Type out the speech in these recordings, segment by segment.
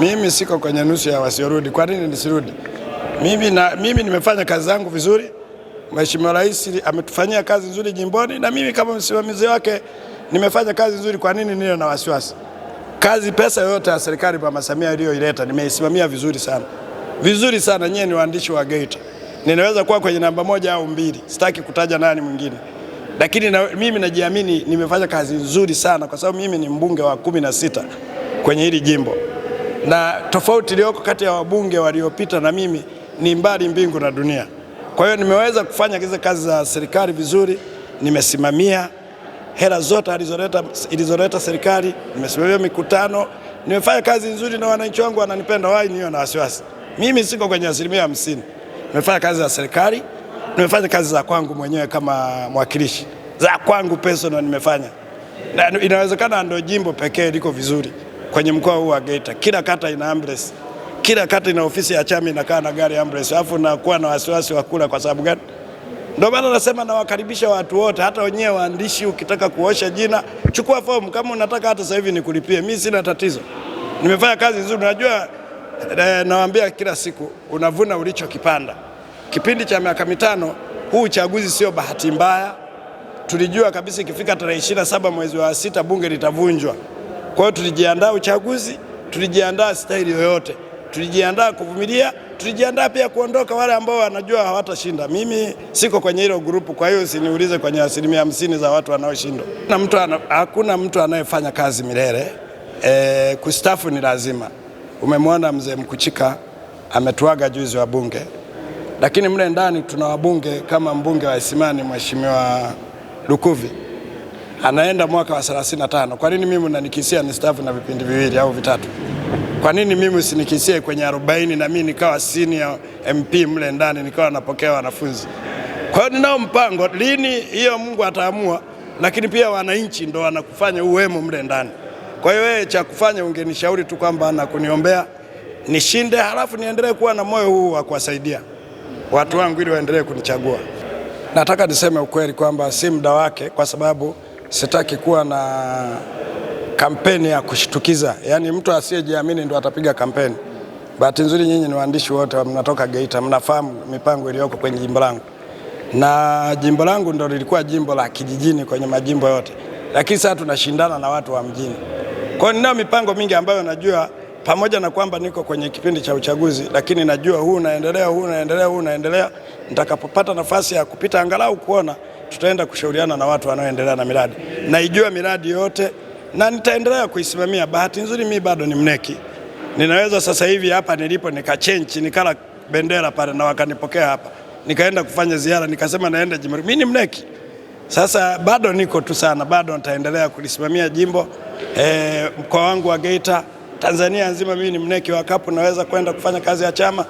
Mimi siko kwenye nusu ya wasiorudi. Kwa nini nisirudi? Mimi, na, mimi nimefanya kazi zangu vizuri. Mheshimiwa Rais ametufanyia kazi nzuri jimboni, na mimi kama msimamizi wake nimefanya kazi nzuri. Kwa nini niwe na wasiwasi? Kazi, pesa yoyote ya serikali Mama Samia iliyoileta nimeisimamia vizuri sana, vizuri sana. Nyie ni waandishi wa Geita, ninaweza kuwa kwenye namba moja au mbili, sitaki kutaja nani mwingine, lakini na, mimi najiamini nimefanya kazi nzuri sana, kwa sababu mimi ni mbunge wa kumi na sita kwenye hili jimbo na tofauti iliyoko kati ya wabunge waliopita na mimi ni mbali mbingu na dunia. Kwa hiyo nimeweza kufanya hizo kazi za serikali vizuri, nimesimamia hela zote ilizoleta serikali, nimesimamia mikutano, nimefanya kazi nzuri na wananchi wangu wananipenda, wai niyo na wasiwasi. Mimi siko kwenye asilimia hamsini. Nimefanya kazi za serikali, nimefanya kazi za kwangu mwenyewe kama mwakilishi za kwangu personal nimefanya, na inawezekana ndio jimbo pekee liko vizuri kwenye mkoa huu wa Geita. Kila kata ina ambulance, kila kata ina ofisi ya chama inakaa na gari ambulance, alafu nakuwa na wasiwasi wa kula. Kwa sababu gani? Ndio maana nasema nawakaribisha watu wote, hata wenyewe waandishi. Ukitaka kuosha jina, chukua fomu kama unataka, hata sasa hivi nikulipie mimi, sina tatizo. Nimefanya kazi nzuri, Unajua eh, nawaambia kila siku unavuna ulichokipanda. Kipindi cha miaka mitano huu uchaguzi sio bahati mbaya. Tulijua kabisa ikifika tarehe 27 mwezi wa sita bunge litavunjwa. Kwa hiyo tulijiandaa uchaguzi, tulijiandaa staili yoyote, tulijiandaa kuvumilia, tulijiandaa pia kuondoka wale ambao wanajua hawatashinda. Mimi siko kwenye hilo grupu, kwa hiyo usiniulize kwenye asilimia hamsini za watu wanaoshindwa. Hakuna mtu anayefanya kazi milele. E, kustafu ni lazima. Umemwona mzee Mkuchika ametuaga juzi wa bunge, lakini mle ndani tuna wabunge kama mbunge wa Isimani Mheshimiwa Lukuvi anaenda mwaka wa 35. Kwa nini mimi unanikisia nistaafu na vipindi viwili au vitatu? Kwa nini mimi usinikisie kwenye 40 na mimi nikawa senior MP mle ndani nikawa napokea wanafunzi? Kwa hiyo ninao mpango, lini hiyo Mungu ataamua, lakini pia wananchi ndo wanakufanya uwemo mle ndani. Kwa hiyo wewe cha kufanya ungenishauri tu kwamba na kuniombea nishinde, halafu niendelee kuwa na moyo huu wa kuwasaidia watu wangu ili waendelee kunichagua. Nataka niseme ukweli kwamba si muda wake kwa sababu sitaki kuwa na kampeni ya kushtukiza, yaani mtu asiyejiamini ndo atapiga kampeni. Bahati nzuri nyinyi ni waandishi wote mnatoka Geita, mnafahamu mipango iliyoko kwenye jimbo langu, na jimbo langu ndo lilikuwa jimbo la kijijini kwenye majimbo yote, lakini sasa tunashindana na watu wa mjini. Kwa hiyo ninayo mipango mingi ambayo najua, pamoja na kwamba niko kwenye kipindi cha uchaguzi, lakini najua huu unaendelea, huu unaendelea, huu unaendelea. Nitakapopata nafasi ya kupita angalau kuona tutaenda kushauriana na watu wanaoendelea na miradi. Naijua miradi yote na nitaendelea kuisimamia. Bahati nzuri mi bado ni mneki, ninaweza sasa hivi hapa nilipo nikachenchi nikala bendera pale na wakanipokea hapa, nikaenda kufanya ziara, nikasema naenda jimbo. Mimi ni mneki sasa, bado niko tu sana, bado nitaendelea kulisimamia jimbo e, mkoa wangu wa Geita, Tanzania nzima. Mimi ni mneki wa kapu, naweza kwenda kufanya kazi ya chama.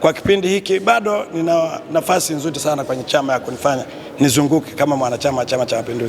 Kwa kipindi hiki bado nina nafasi nzuri sana kwenye chama ya kunifanya nizunguke kama mwanachama Chama cha Mapinduzi.